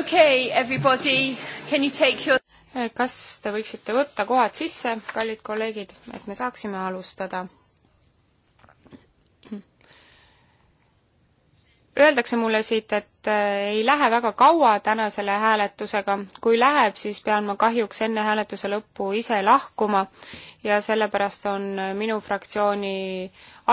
okay, everybody, can you take your kas te võiksite võtta kohad sisse, kallid kolleegid, et me saaksime alustada? öeldakse mulle siit, et äh, ei lähe väga kaua täna selle hääletusega, kui läheb, siis pean ma kahjuks enne hääletuse lõppu ise lahkuma ja sellepärast on minu fraktsiooni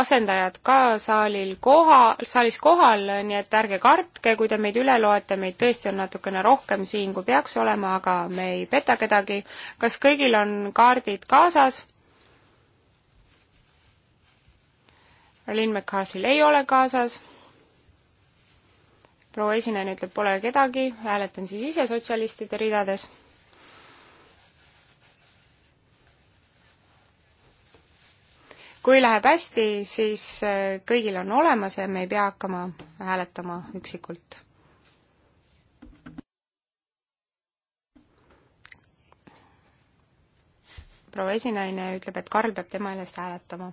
asendajad ka saalil koha, saalis kohal, nii et ärge kartke, kui te meid üle loete, meid tõesti on natukene rohkem siin, kui peaks olema, aga me ei peta kedagi. kas kõigil on kaardid kaasas? Lynn McCarthy'l ei ole kaasas proua esinejana ütleb, pole kedagi, hääletan siis ise sotsialistide ridades. kui läheb hästi, siis äh, kõigil on olemas ja me ei pea hakkama hääletama üksikult. proua esinaine ütleb, et Karl peab tema eest hääletama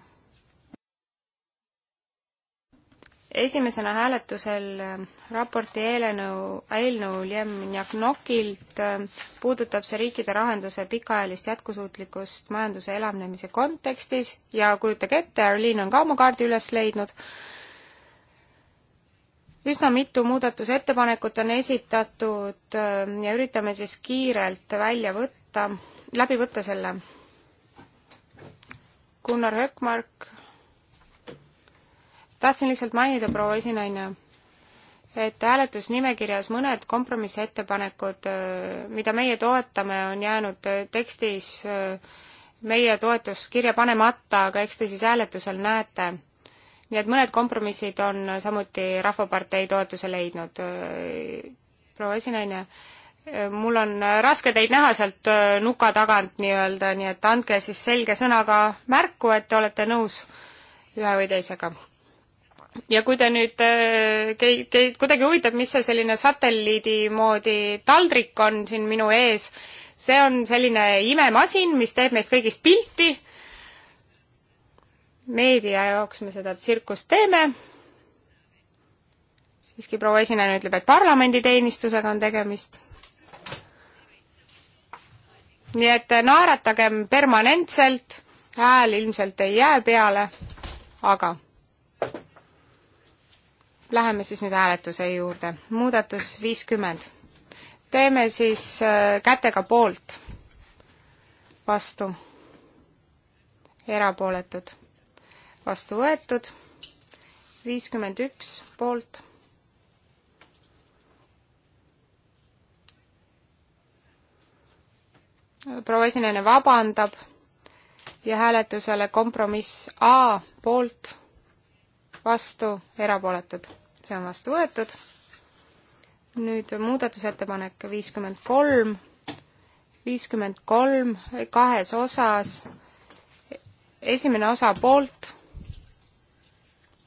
esimesena hääletusel äh, raporti eelnõu, eelnõu Ljemnjaknokilt äh, puudutab see riikide rahanduse pikaajalist jätkusuutlikkust majanduse elavnemise kontekstis ja kujutage ette, Arlene on ka oma kaardi üles leidnud, üsna mitu muudatusettepanekut on esitatud äh, ja üritame siis kiirelt välja võtta, läbi võtta selle. Gunnar Hökmark, tahtsin lihtsalt mainida, proua esinaine et hääletusnimekirjas mõned kompromissettepanekud, äh, mida meie toetame, on jäänud äh, tekstis äh, meie toetus kirja panemata, aga eks te siis hääletusel näete. nii et mõned kompromissid on samuti Rahvapartei toetuse leidnud. proua esinaine, mul on raske teid näha sealt nuka tagant nii-öelda, nii et andke siis selge sõnaga märku, et te olete nõus ühe või teisega ja kui te nüüd, teid äh, kuidagi huvitab, mis see selline satelliidi moodi taldrik on siin minu ees, see on selline imemasin, mis teeb meist kõigist pilti. meedia jaoks me seda tsirkust teeme. siiski proua esineja ütleb, et parlamenditeenistusega on tegemist. nii et naeratagem permanentselt, hääl ilmselt ei jää peale, aga Läheme siis nüüd hääletuse juurde. muudatus viiskümmend. teeme siis äh, kätega poolt, vastu, erapooletud, vastu võetud, viiskümmend üks poolt proua esineja vabandab ja hääletusele kompromiss A poolt, vastu, erapooletud see on vastu võetud. nüüd muudatusettepanek viiskümmend kolm, viiskümmend kolm kahes osas, esimene osa poolt,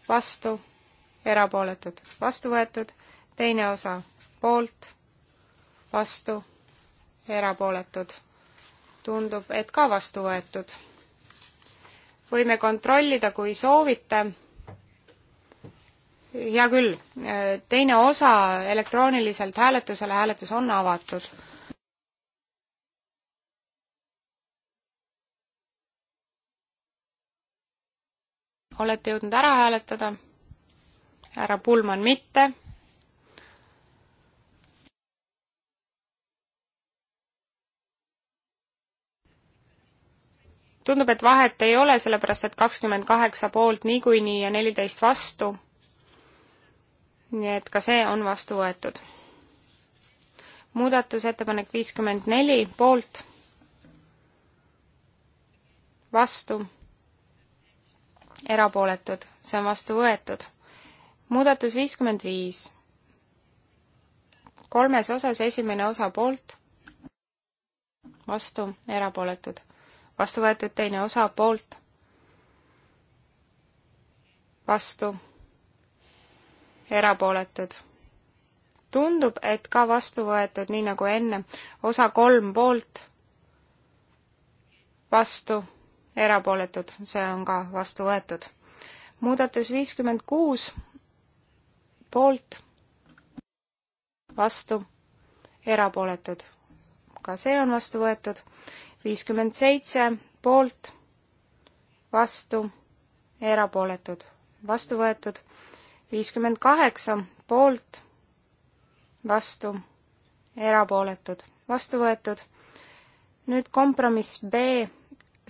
vastu, erapooletud, vastu võetud, teine osa poolt, vastu, erapooletud. tundub, et ka vastu võetud. võime kontrollida, kui soovite hea küll, teine osa elektrooniliselt hääletusele, hääletus on avatud olete jõudnud ära hääletada, härra Pullmann mitte. tundub, et vahet ei ole, sellepärast et kakskümmend kaheksa poolt niikuinii ja neliteist vastu nii et ka see on vastu võetud. muudatusettepanek viiskümmend neli poolt, vastu, erapooletud, see on vastu võetud. muudatus viiskümmend viis, kolmes osas esimene osa poolt, vastu, erapooletud, vastu võetud teine osa poolt, vastu erapooletud. tundub, et ka vastu võetud, nii nagu enne, osa kolm poolt, vastu, erapooletud, see on ka vastu võetud. muudatus viiskümmend kuus, poolt, vastu, erapooletud. ka see on vastu võetud. viiskümmend seitse, poolt, vastu, erapooletud, vastu võetud viiskümmend kaheksa poolt, vastu, erapooletud, vastu võetud. nüüd kompromiss B,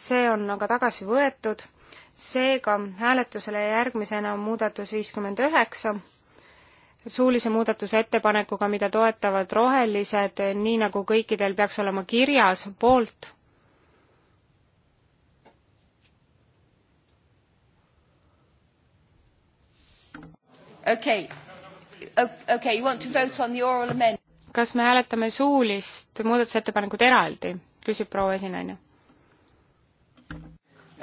see on aga tagasi võetud, seega hääletusele järgmisena muudatus viiskümmend üheksa, suulise muudatuse ettepanekuga, mida toetavad rohelised, nii nagu kõikidel peaks olema kirjas, poolt okei okay., okei okay,, you want to vote on the oral amendment? kas me hääletame suulist muudatusettepanekut eraldi, küsib proua esinaine.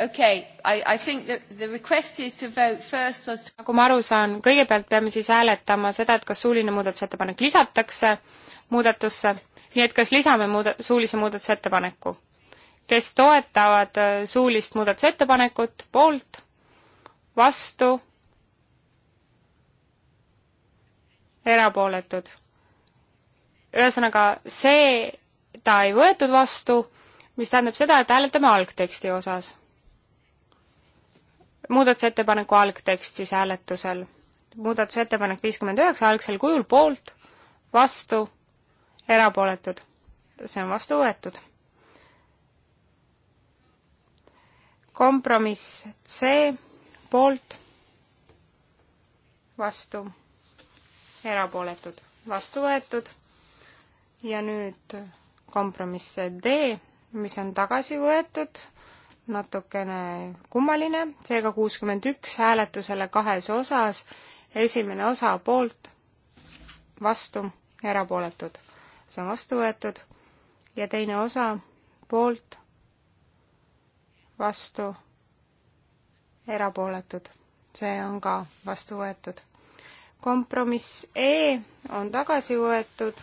Okay, I, I think the, the request is to vote first was to... nagu ma aru saan, kõigepealt peame siis hääletama seda, et kas suuline muudatusettepanek lisatakse muudatusse, nii et kas lisame muuda-, suulise muudatusettepaneku. kes toetavad äh, suulist muudatusettepanekut, poolt, vastu erapooletud. ühesõnaga, see, ta ei võetud vastu, mis tähendab seda, et hääletame algteksti osas. muudatusettepaneku algtekst siis hääletusel. muudatusettepanek viiskümmend üheksa algsel kujul poolt, vastu, erapooletud. see on vastu võetud. kompromiss C poolt, vastu erapooletud, vastu võetud. ja nüüd kompromiss D, mis on tagasi võetud, natukene kummaline, seega kuuskümmend üks hääletusele kahes osas, esimene osa poolt, vastu, erapooletud. see on vastu võetud ja teine osa poolt, vastu, erapooletud. see on ka vastu võetud kompromiss E on tagasi võetud,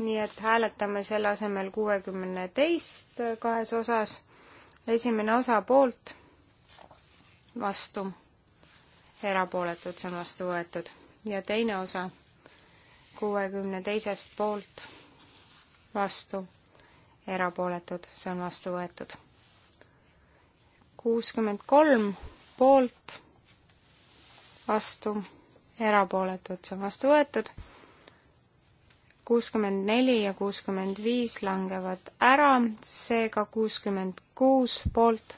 nii et hääletame selle asemel kuuekümne teist kahes osas. esimene osa poolt, vastu, erapooletud, see on vastu võetud. ja teine osa kuuekümne teisest poolt, vastu, erapooletud, see on vastu võetud. kuuskümmend kolm poolt, vastu erapooletud, see on vastu võetud. kuuskümmend neli ja kuuskümmend viis langevad ära, seega kuuskümmend kuus poolt.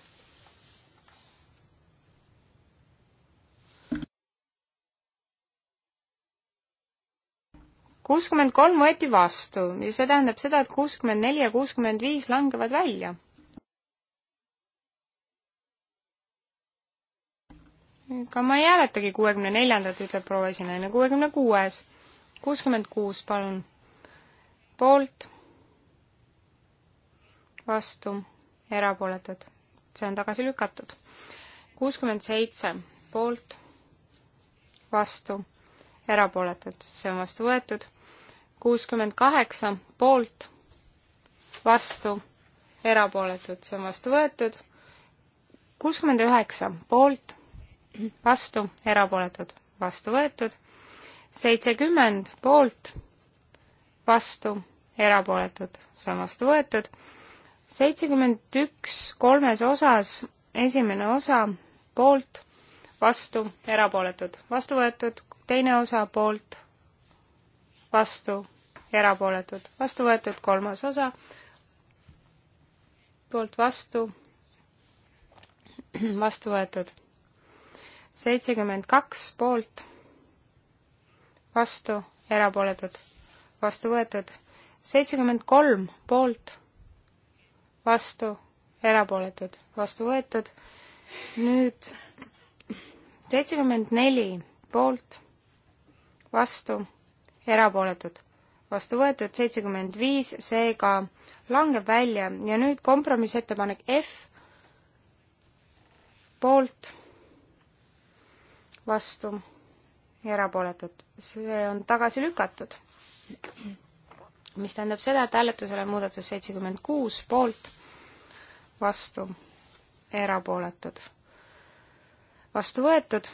kuuskümmend kolm võeti vastu ja see tähendab seda, et kuuskümmend neli ja kuuskümmend viis langevad välja ega ma ei hääletagi kuuekümne neljandat, ütleb proua esinaine, kuuekümne kuues. kuuskümmend kuus, palun. poolt, vastu, erapooletud. see on tagasi lükatud. kuuskümmend seitse, poolt, vastu, erapooletud. see on vastu võetud. kuuskümmend kaheksa, poolt, vastu, erapooletud. see on vastu võetud. kuuskümmend üheksa, poolt vastu, erapooletud, vastu võetud. seitsekümmend poolt, vastu, erapooletud, see on vastu võetud. seitsekümmend üks kolmes osas, esimene osa poolt, vastu, erapooletud, vastu võetud, teine osa poolt, vastu, erapooletud, vastu võetud, kolmas osa poolt vastu, vastu võetud seitsekümmend kaks poolt, vastu, erapooletud, vastu võetud. seitsekümmend kolm poolt, vastu, erapooletud, vastu võetud. nüüd seitsekümmend neli poolt, vastu, erapooletud, vastu võetud seitsekümmend viis, seega langeb välja ja nüüd kompromissettepanek F poolt vastu ja erapooletud. see on tagasi lükatud. mis tähendab seda, et hääletusele on muudatus seitsekümmend kuus poolt, vastu, erapooletud. vastu võetud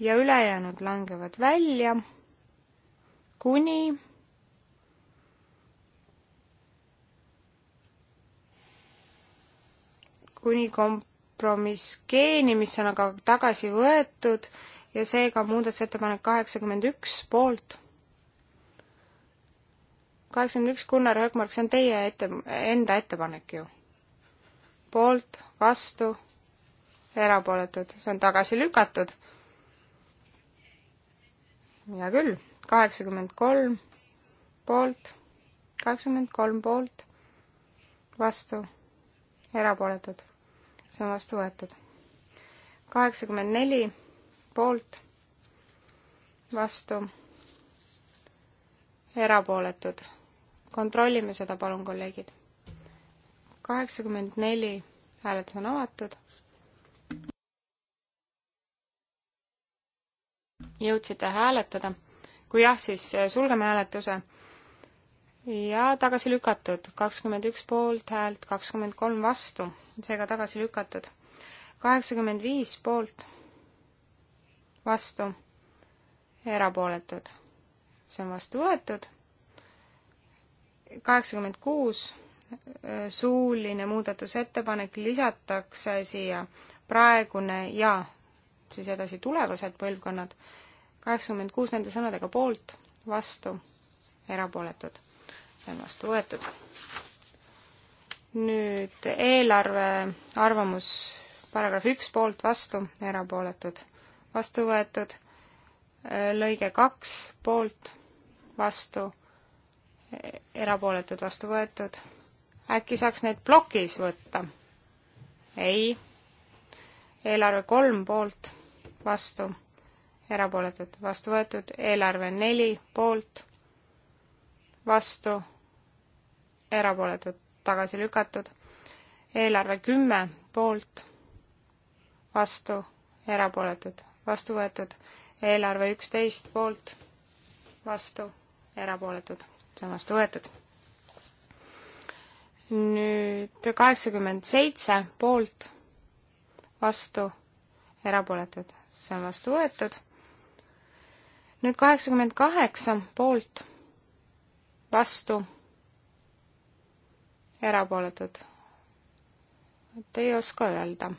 ja ülejäänud langevad välja kuni kuni komp-, kompromiss geeni, mis on aga tagasi võetud ja seega muudatusettepanek kaheksakümmend üks poolt. kaheksakümmend üks, Gunnar Höökmark, see on teie ette, enda ettepanek ju. poolt, vastu, erapooletud, see on tagasi lükatud. hea küll, kaheksakümmend kolm poolt, kaheksakümmend kolm poolt, vastu, erapooletud see on vastu võetud. kaheksakümmend neli poolt, vastu, erapooletud. kontrollime seda, palun, kolleegid. kaheksakümmend neli, hääletus on avatud. jõudsite hääletada? kui jah, siis sulgeme hääletuse ja tagasi lükatud, kakskümmend üks poolthäält, kakskümmend kolm vastu seega tagasi lükatud. kaheksakümmend viis poolt, vastu, erapooletud. see on vastu võetud. kaheksakümmend kuus, äh, suuline muudatusettepanek lisatakse siia praegune ja siis edasi tulevased põlvkonnad, kaheksakümmend kuus nende sõnadega poolt, vastu, erapooletud. see on vastu võetud nüüd eelarve arvamus, paragrahv üks poolt vastu, erapooletud, vastu võetud, lõige kaks poolt vastu, erapooletud vastu võetud. äkki saaks need plokis võtta? ei. eelarve kolm poolt vastu, erapooletud vastu võetud, eelarve neli poolt vastu, erapooletud tagasi lükatud. eelarve kümme poolt, vastu, erapooletud, vastu võetud. eelarve üksteist poolt, vastu, erapooletud, see on vastu võetud. nüüd kaheksakümmend seitse poolt, vastu, erapooletud, see on vastu võetud. nüüd kaheksakümmend kaheksa poolt, vastu erapooletud? et ei oska öelda.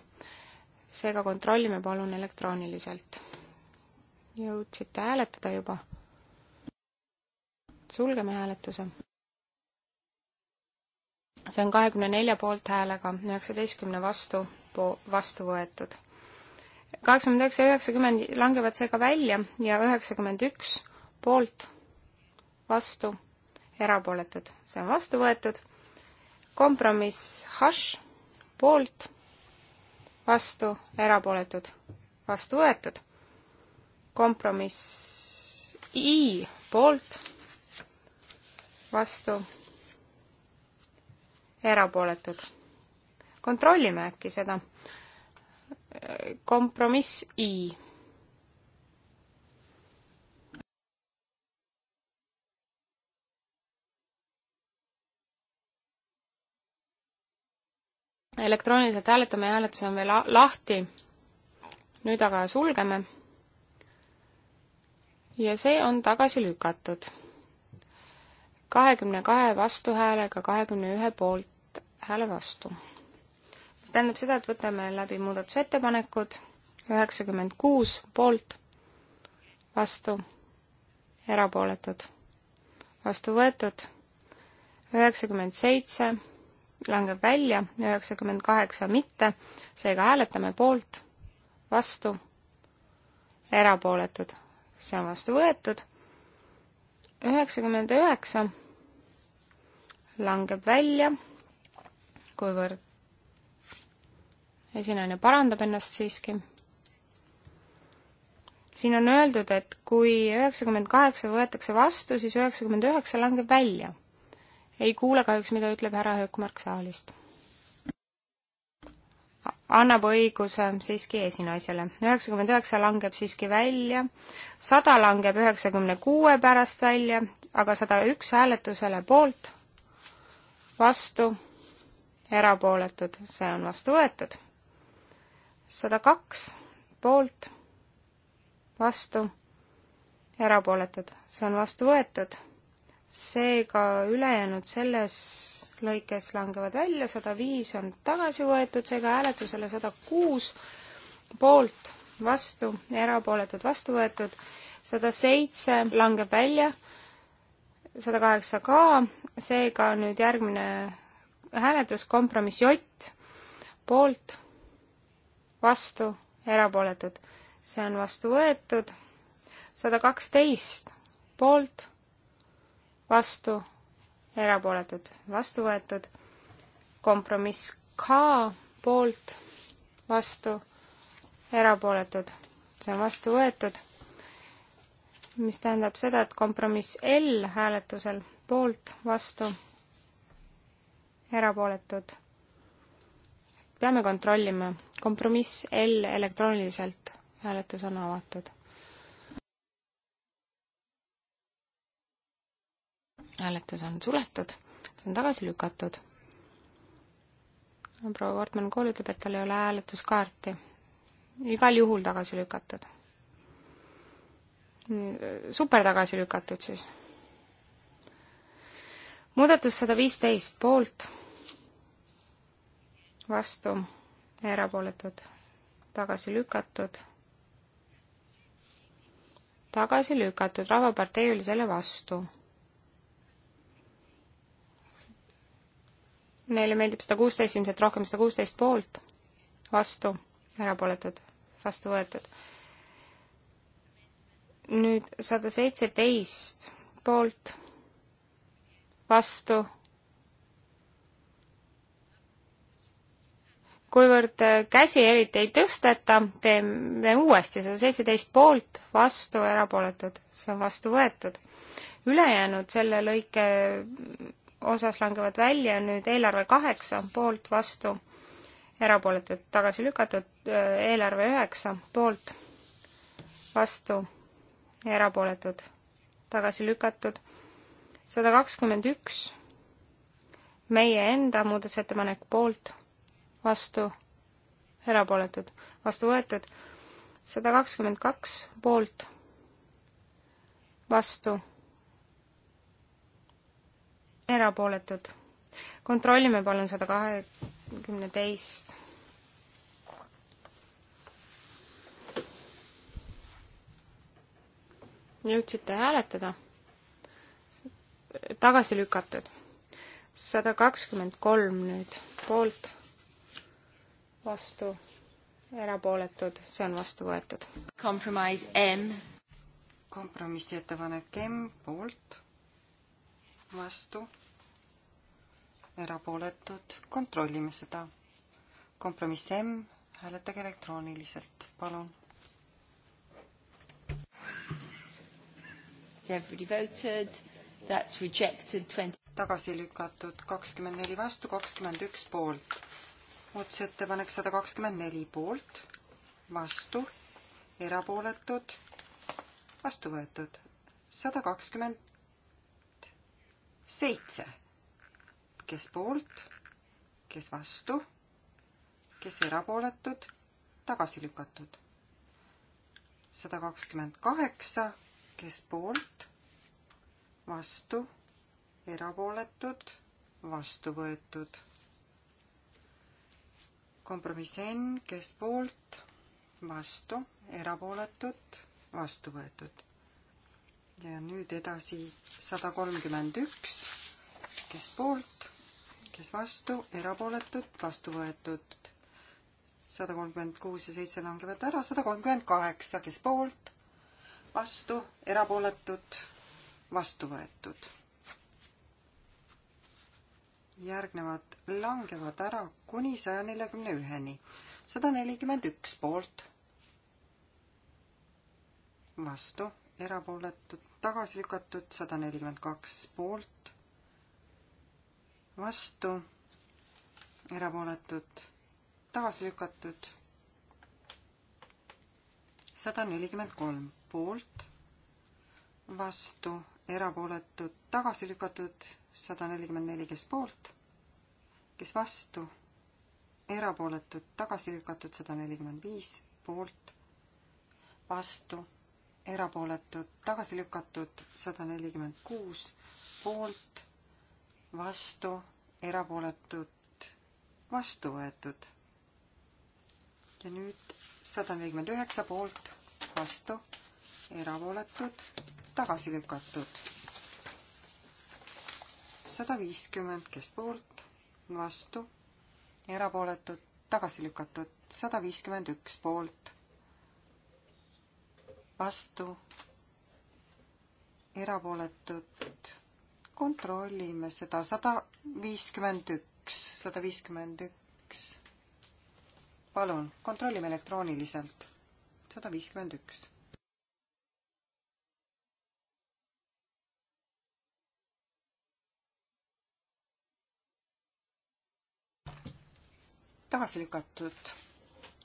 seega kontrollime palun elektrooniliselt. jõudsite hääletada juba? sulgeme hääletuse. see on kahekümne nelja poolthäälega, üheksateistkümne vastu, vastu võetud. kaheksakümmend üheksa ja üheksakümmend langevad seega välja ja üheksakümmend üks poolt, vastu, erapooletud. see on vastu võetud kompromiss hash poolt, vastu, erapooletud, vastu võetud. kompromiss i poolt, vastu, erapooletud. kontrollime äkki seda. kompromiss i elektrooniliselt hääletame ja hääletus on veel lahti. nüüd aga sulgeme. ja see on tagasi lükatud. kahekümne kahe vastuhäälega kahekümne ühe poolt hääle vastu. mis tähendab seda, et võtame läbi muudatusettepanekud, üheksakümmend kuus poolt, vastu, erapooletud, vastu võetud, üheksakümmend seitse langeb välja, üheksakümmend kaheksa mitte, seega hääletame poolt, vastu, erapooletud, see on vastu võetud, üheksakümmend üheksa langeb välja, kuivõrd esinejana parandab ennast siiski. siin on öeldud, et kui üheksakümmend kaheksa võetakse vastu, siis üheksakümmend üheksa langeb välja ei kuule kahjuks, mida ütleb härra Höökmark saalist. annab õiguse siiski esinaisele. üheksakümmend üheksa langeb siiski välja, sada langeb üheksakümne kuue pärast välja, aga sada üks hääletusele poolt, vastu, erapooletud, see on vastu võetud sada kaks poolt, vastu, erapooletud, see on vastu võetud seega ülejäänud selles lõikes langevad välja, sada viis on tagasi võetud, seega hääletusele sada kuus poolt, vastu, erapooletud, vastu võetud, sada seitse langeb välja, sada kaheksa ka, seega nüüd järgmine hääletus, kompromiss J, poolt, vastu, erapooletud. see on vastu võetud, sada kaksteist poolt vastu, erapooletud, vastu võetud. kompromiss K poolt, vastu, erapooletud, see on vastu võetud. mis tähendab seda, et kompromiss L hääletusel poolt, vastu, erapooletud. peame kontrollima, kompromiss L elektrooniliselt, hääletus on avatud hääletus on suletud, see on tagasi lükatud. proua Wortmann Kool ütleb, et tal ei ole hääletuskaarti. igal juhul tagasi lükatud. super tagasi lükatud siis. muudatus sada viisteist poolt, vastu, erapooletud, tagasi lükatud tagasi lükatud, Rahvapartei oli selle vastu. neile meeldib sada kuusteist, ilmselt rohkem sada kuusteist poolt, vastu, erapooletud, vastu võetud. nüüd sada seitseteist poolt, vastu. kuivõrd käsi eriti ei tõsteta, teeme uuesti sada seitseteist poolt, vastu, erapooletud, see on vastu võetud. ülejäänud selle lõike osas langevad välja nüüd eelarve kaheksa poolt vastu, erapooletud tagasi lükatud äh, eelarve üheksa poolt vastu, erapooletud tagasi lükatud sada kakskümmend üks meie enda muudatusettepanek poolt vastu, erapooletud vastu võetud sada kakskümmend kaks poolt vastu erapooletud. kontrollime palun sada kahekümne teist. jõudsite hääletada? tagasi lükatud. sada kakskümmend kolm nüüd poolt, vastu, erapooletud, see on vastu võetud. kompromiss M. kompromissettepanek M poolt, vastu erapooletud, kontrollime seda. kompromiss M, hääletage elektrooniliselt, palun. tagasi lükatud kakskümmend neli vastu, kakskümmend üks poolt. muudatusettepanek sada kakskümmend neli poolt, vastu, erapooletud, vastu võetud sada kakskümmend seitse kes poolt, kes vastu, kes erapooletud, tagasi lükatud. sada kakskümmend kaheksa, kes poolt, vastu, erapooletud, vastu võetud. kompromiss N, kes poolt, vastu, erapooletud, vastu võetud. ja nüüd edasi sada kolmkümmend üks, kes poolt kes vastu, erapooletud, vastu võetud. sada kolmkümmend kuus ja seitse langevad ära, sada kolmkümmend kaheksa, kes poolt, vastu, erapooletud, vastu võetud. järgnevad langevad ära kuni saja neljakümne üheni, sada nelikümmend üks poolt, vastu, erapooletud, tagasi lükatud, sada nelikümmend kaks poolt, vastu, erapooletud, tagasi lükatud. sada nelikümmend kolm poolt, vastu, erapooletud, tagasi lükatud, sada nelikümmend neli, kes poolt, kes vastu, erapooletud, tagasi lükatud, sada nelikümmend viis poolt, vastu, erapooletud, tagasi lükatud, sada nelikümmend kuus poolt vastu, erapooletud, vastu võetud. ja nüüd sada nelikümmend üheksa poolt, vastu, erapooletud, tagasi lükatud. sada viiskümmend, kes poolt, vastu, erapooletud, tagasi lükatud, sada viiskümmend üks poolt, vastu, erapooletud kontrollime seda sada viiskümmend üks, sada viiskümmend üks. palun, kontrollime elektrooniliselt. sada viiskümmend üks. tagasi lükatud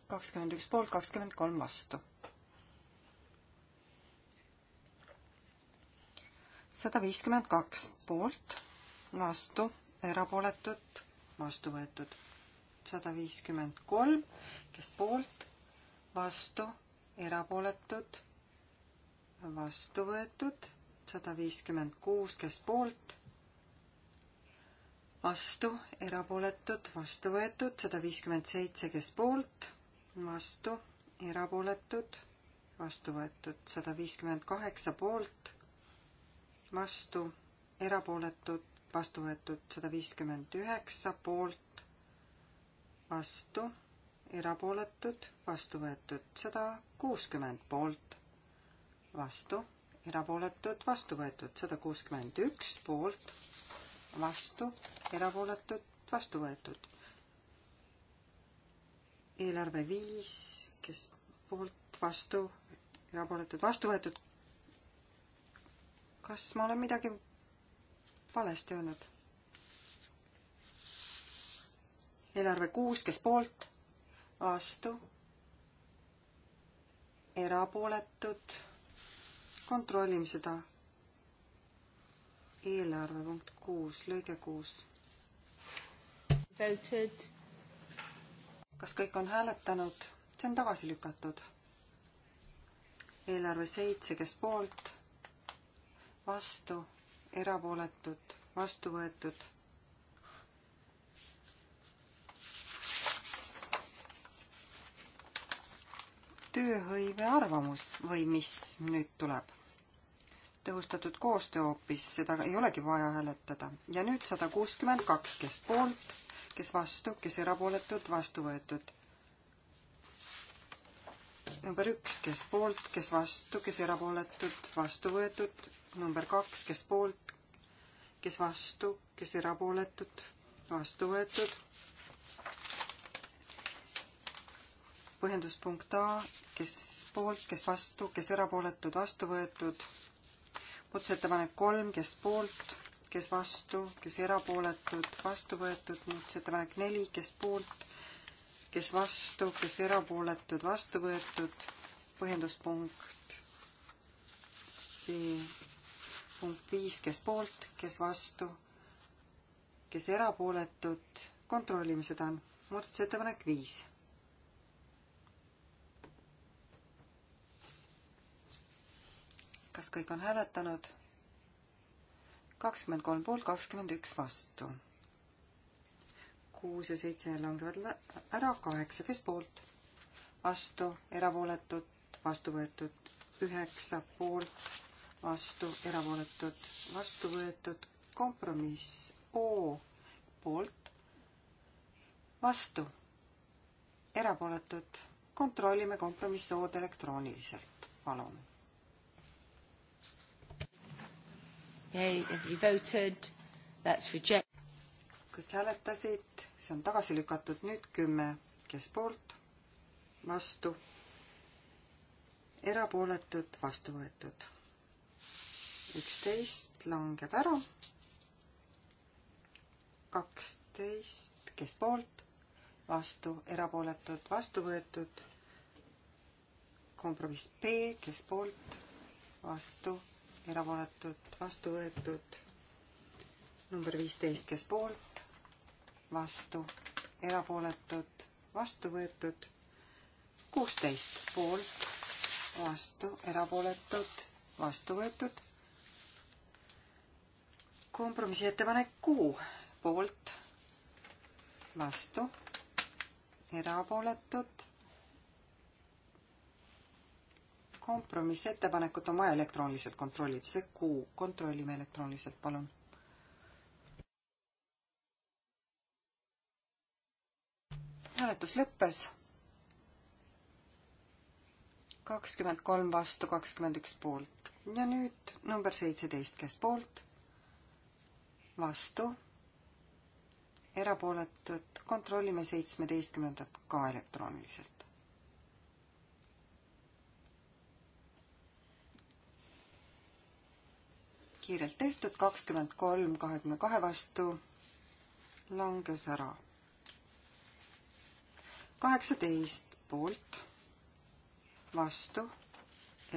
kakskümmend üks poolt, kakskümmend kolm vastu sada viiskümmend kaks poolt, vastu, erapooletud, vastu võetud. sada viiskümmend kolm, kes poolt, vastu, erapooletud, vastu võetud. sada viiskümmend kuus, kes poolt, vastu, erapooletud, vastu võetud. sada viiskümmend seitse, kes poolt, vastu, erapooletud, vastu võetud. sada viiskümmend kaheksa poolt vastu, erapooletud, vastu võetud sada viiskümmend üheksa, poolt, vastu, erapooletud, vastu võetud sada kuuskümmend poolt, vastu, erapooletud, vastu võetud sada kuuskümmend üks poolt, vastu, erapooletud, vastu võetud. eelarve viis, kes poolt, vastu, erapooletud, vastu võetud kas ma olen midagi valesti öelnud? eelarve kuus, kes poolt, vastu, erapooletud, kontrollime seda. eelarve punkt kuus, lõige kuus. Voted. kas kõik on hääletanud? see on tagasi lükatud. eelarve seitse, kes poolt vastu, erapooletud, vastu võetud. tööhõive arvamus või mis nüüd tuleb? tõhustatud koostöö hoopis, seda ei olegi vaja hääletada. ja nüüd sada kuuskümmend kaks, kes poolt, kes vastu, kes erapooletud, vastu võetud. number üks, kes poolt, kes vastu, kes erapooletud, vastu võetud number kaks, kes poolt, kes vastu, kes erapooletud, vastu võetud. põhjenduspunkt A, kes poolt, kes vastu, kes erapooletud, vastu võetud. muudatusettepanek kolm, kes poolt, kes vastu, kes erapooletud, vastu võetud. muudatusettepanek neli, kes poolt, kes vastu, kes erapooletud, vastu võetud. põhjenduspunkt B punkt viis, kes poolt, kes vastu, kes erapooletud, kontrollime seda, muudatusettepanek viis. kas kõik on hääletanud? kakskümmend kolm poolt, kakskümmend üks vastu. kuus ja seitse langevad ära, kaheksa, kes poolt? vastu, erapooletud, vastu võetud, üheksa poolt vastu, erapooletud, vastu võetud, kompromiss O poolt, vastu, erapooletud, kontrollime kompromiss O-d elektrooniliselt, palun. kõik hääletasid, see on tagasi lükatud, nüüd kümme, kes poolt, vastu erapooletud vastu võetud üksteist langeb ära. kaksteist, kes poolt, vastu, erapooletud, vastu võetud. kompromiss B, kes poolt, vastu, erapooletud, vastu võetud. number viisteist, kes poolt, vastu, erapooletud, vastu võetud. kuusteist poolt, vastu, erapooletud, vastu võetud kompromissettepanek kuu poolt, vastu, erapooletud. kompromissettepanekut on vaja elektrooniliselt kontrollida, see kuu, kontrollime elektrooniliselt, palun. hääletus lõppes. kakskümmend kolm vastu, kakskümmend üks poolt ja nüüd number seitseteist, kes poolt vastu, erapooletud, kontrollime seitsmeteistkümnendat ka elektrooniliselt. kiirelt tehtud, kakskümmend kolm kahekümne kahe vastu langes ära. kaheksateist poolt, vastu,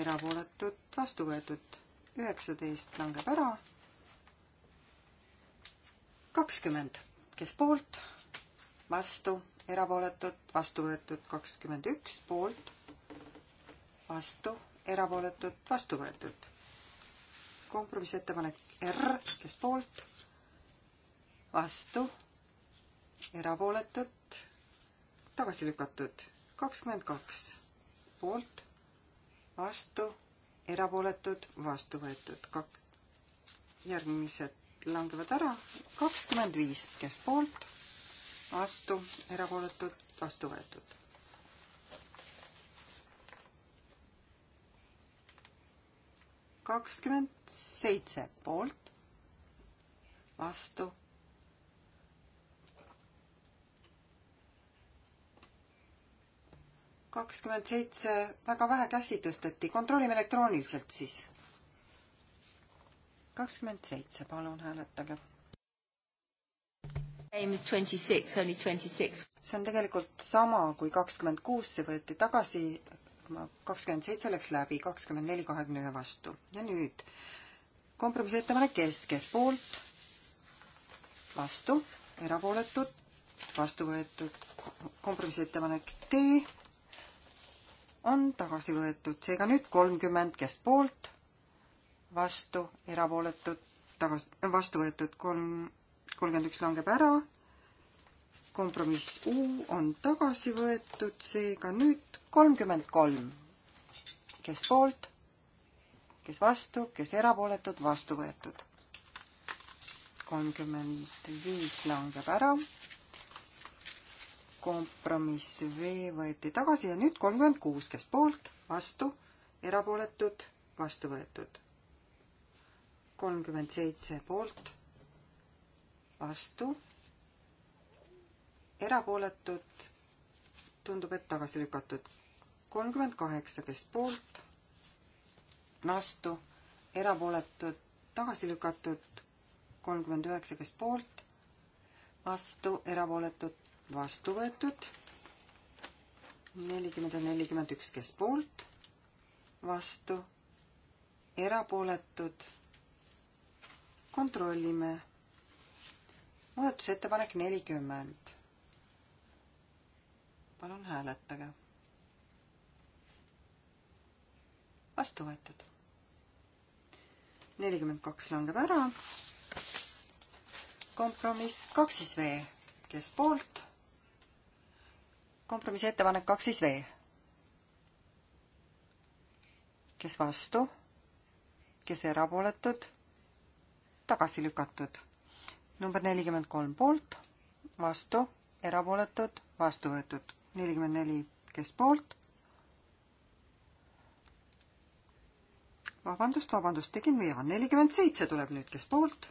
erapooletud, vastu võetud, üheksateist langeb ära kakskümmend, kes poolt, vastu, erapooletud, vastu võetud kakskümmend üks, poolt, vastu, erapooletud, vastu võetud. kompromissettepanek R, kes poolt, vastu, erapooletud, tagasi lükatud, kakskümmend kaks, poolt, vastu, erapooletud, vastu võetud, kak-, järgmised langevad ära. kakskümmend viis, kes poolt, vastu, erapooletud, vastu võetud. kakskümmend seitse poolt, vastu. kakskümmend seitse, väga vähe käsi tõsteti, kontrollime elektrooniliselt siis kakskümmend seitse, palun hääletage. see on tegelikult sama kui kakskümmend kuus, see võeti tagasi, kakskümmend seitse läks läbi, kakskümmend neli kahekümne ühe vastu ja nüüd kompromissettepanek kes, kes poolt, vastu, erapooletud, vastu võetud, kompromissettepanek D on tagasi võetud, seega nüüd kolmkümmend, kes poolt vastu, erapooletud, tagasi, vastu võetud kolm, kolmkümmend üks langeb ära. kompromiss U on tagasi võetud, seega nüüd kolmkümmend kolm. kes poolt, kes vastu, kes erapooletud, vastu võetud. kolmkümmend viis langeb ära. kompromiss V võeti tagasi ja nüüd kolmkümmend kuus, kes poolt, vastu, erapooletud, vastu võetud kolmkümmend seitse poolt, vastu, erapooletud, tundub, et tagasi lükatud. kolmkümmend kaheksa, kes poolt, vastu, erapooletud, tagasi lükatud, kolmkümmend üheksa, kes poolt, vastu, erapooletud, vastu võetud, nelikümmend ja nelikümmend üks, kes poolt, vastu, erapooletud kontrollime. muudatusettepanek nelikümmend. palun hääletage. vastu võetud. nelikümmend kaks langeb ära. kompromiss kaks siis V, kes poolt? kompromissi ettepanek kaks siis V. kes vastu? kes erapooletud? tagasi lükatud. number nelikümmend kolm poolt, vastu, erapooletud, vastu võetud. nelikümmend neli, kes poolt? vabandust, vabandust, tegin vea. nelikümmend seitse tuleb nüüd, kes poolt?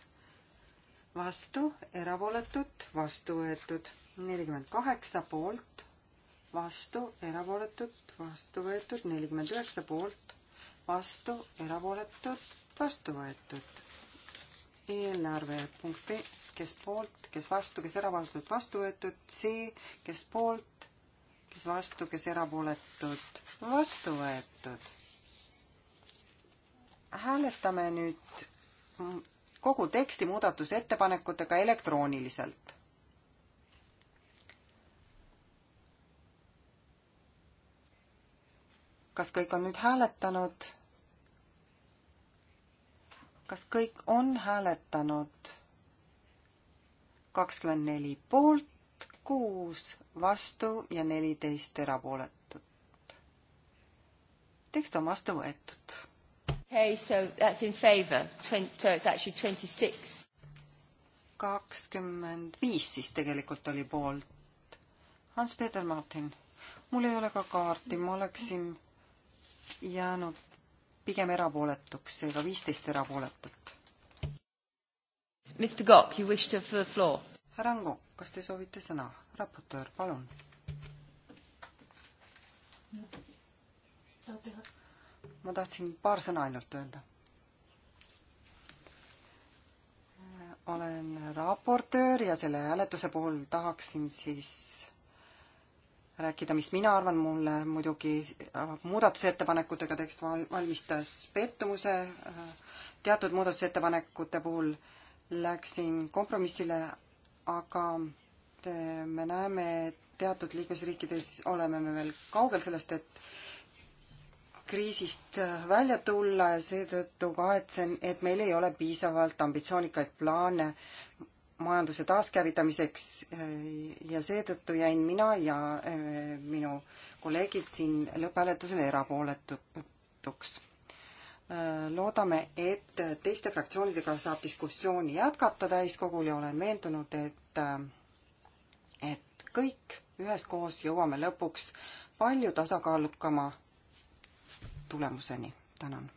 vastu, erapooletud, vastu võetud. nelikümmend kaheksa poolt, vastu, erapooletud, vastu võetud. nelikümmend üheksa poolt, vastu, erapooletud, vastu võetud eelarve punkt B, kes poolt, kes vastu, kes erapooletud, vastu võetud, C, kes poolt, kes vastu, kes erapooletud, vastu võetud. hääletame nüüd kogu teksti muudatusettepanekutega elektrooniliselt kas kõik on nüüd hääletanud? kas kõik on hääletanud? kakskümmend neli poolt, kuus vastu ja neliteist erapooletut. tekst on vastu võetud. Okay, so that's in favour. So it's actually twenty six. kakskümmend viis siis tegelikult oli poolt. Hans-Peter Martin, mul ei ole ka kaarti, ma oleksin jäänud pigem erapooletuks, seega viisteist erapooletut. Mr Gok, you wish to the floor? härra Ngok, kas te soovite sõna? raportöör, palun. ma tahtsin paar sõna ainult öelda. olen raportöör ja selle hääletuse puhul tahaksin siis rääkida, mis mina arvan, mulle muidugi muudatusettepanekutega tekst valmistas pettumuse, teatud muudatusettepanekute puhul läksin kompromissile, aga me näeme, et teatud liikmesriikides oleme me veel kaugel sellest, et kriisist välja tulla ja seetõttu kahetsen, et meil ei ole piisavalt ambitsioonikaid plaane majanduse taaskäivitamiseks eh, ja seetõttu jäin mina ja eh, minu kolleegid siin lõpphääletusel erapooletuks. Eh, loodame, et teiste fraktsioonidega saab diskussiooni jätkata täiskogul ja olen veendunud, et, et kõik üheskoos jõuame lõpuks palju tasakaalukama tulemuseni. tänan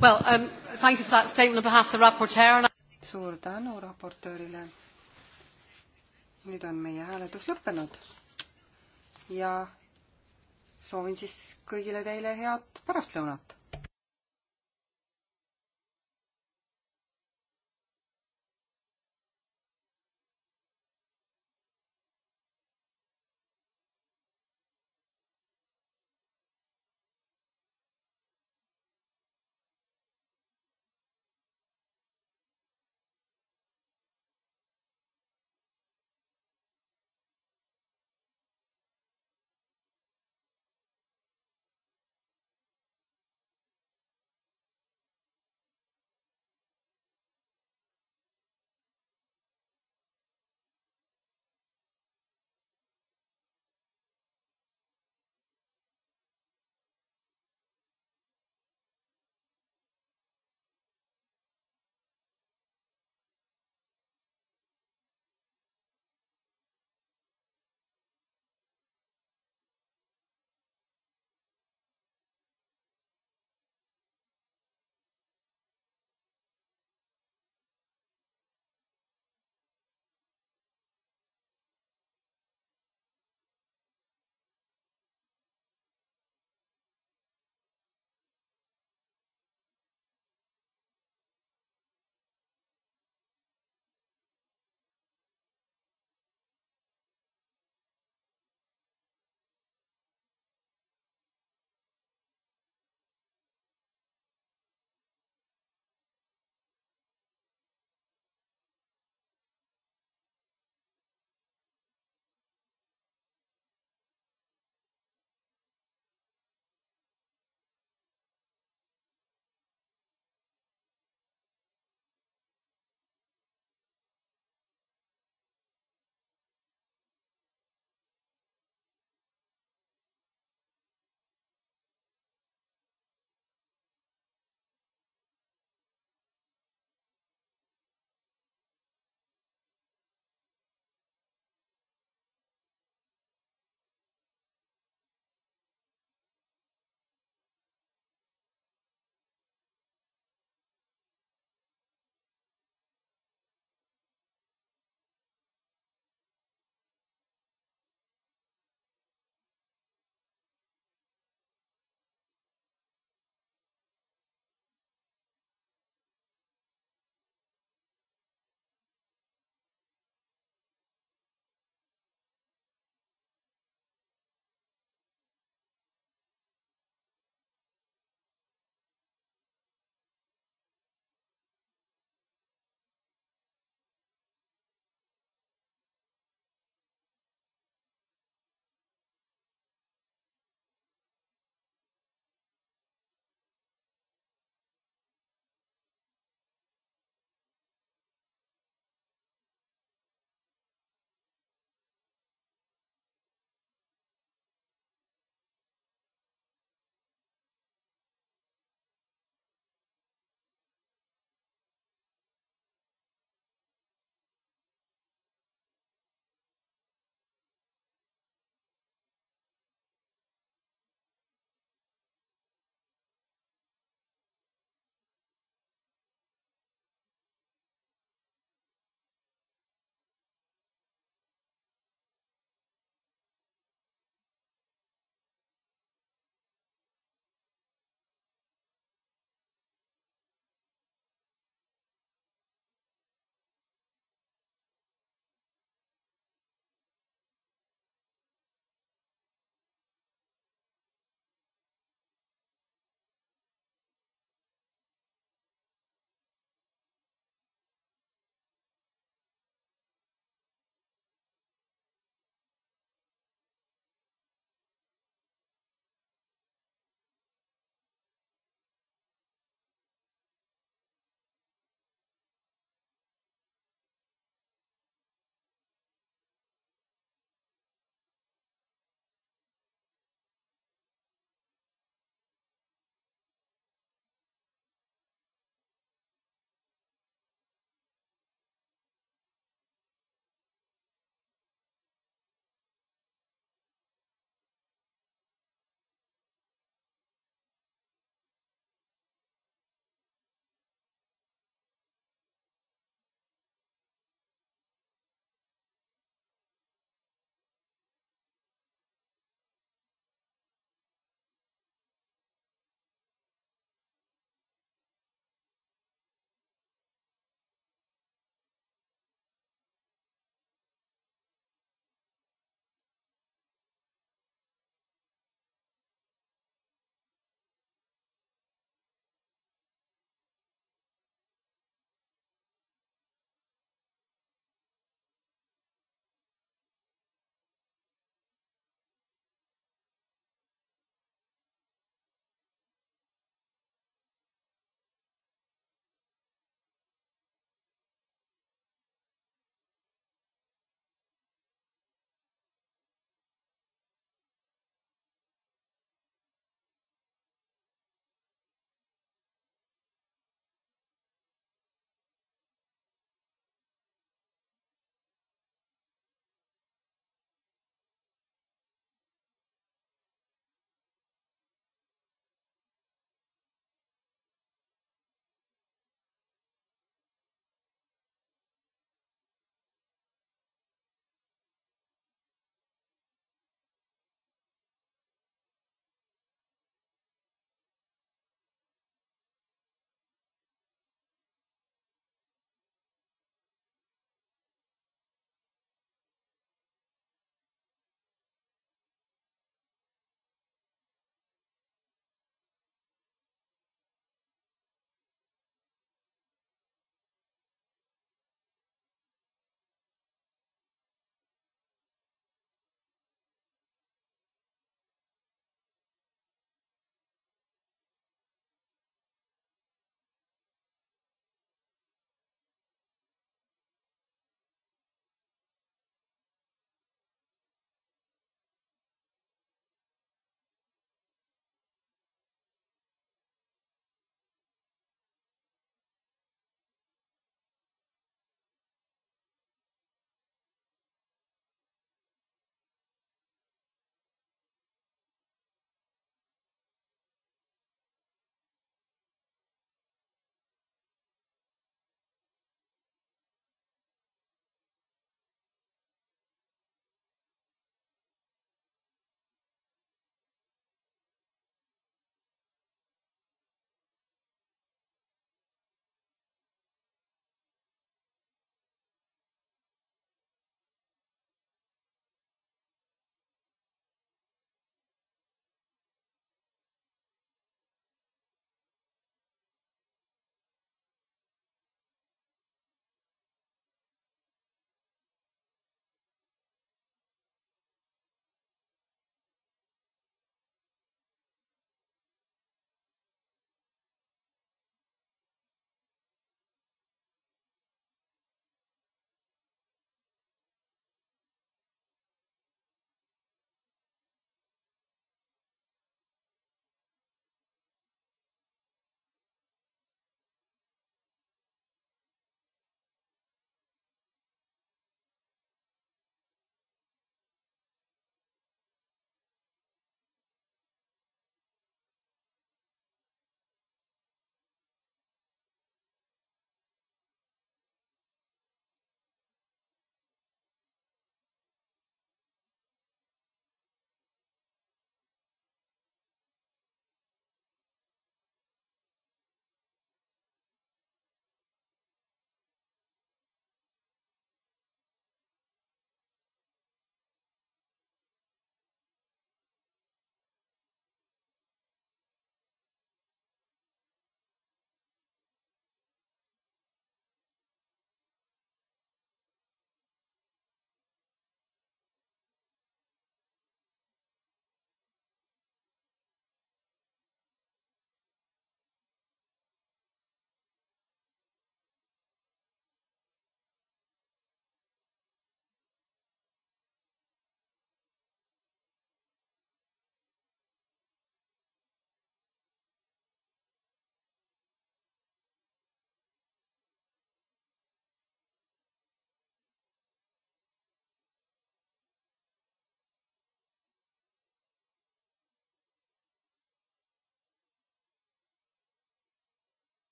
Well, um, thank you for that statement on behalf of the rapporteur. suur tänu raportöörile. nüüd on meie hääletus lõppenud ja soovin siis kõigile teile head pärastlõunat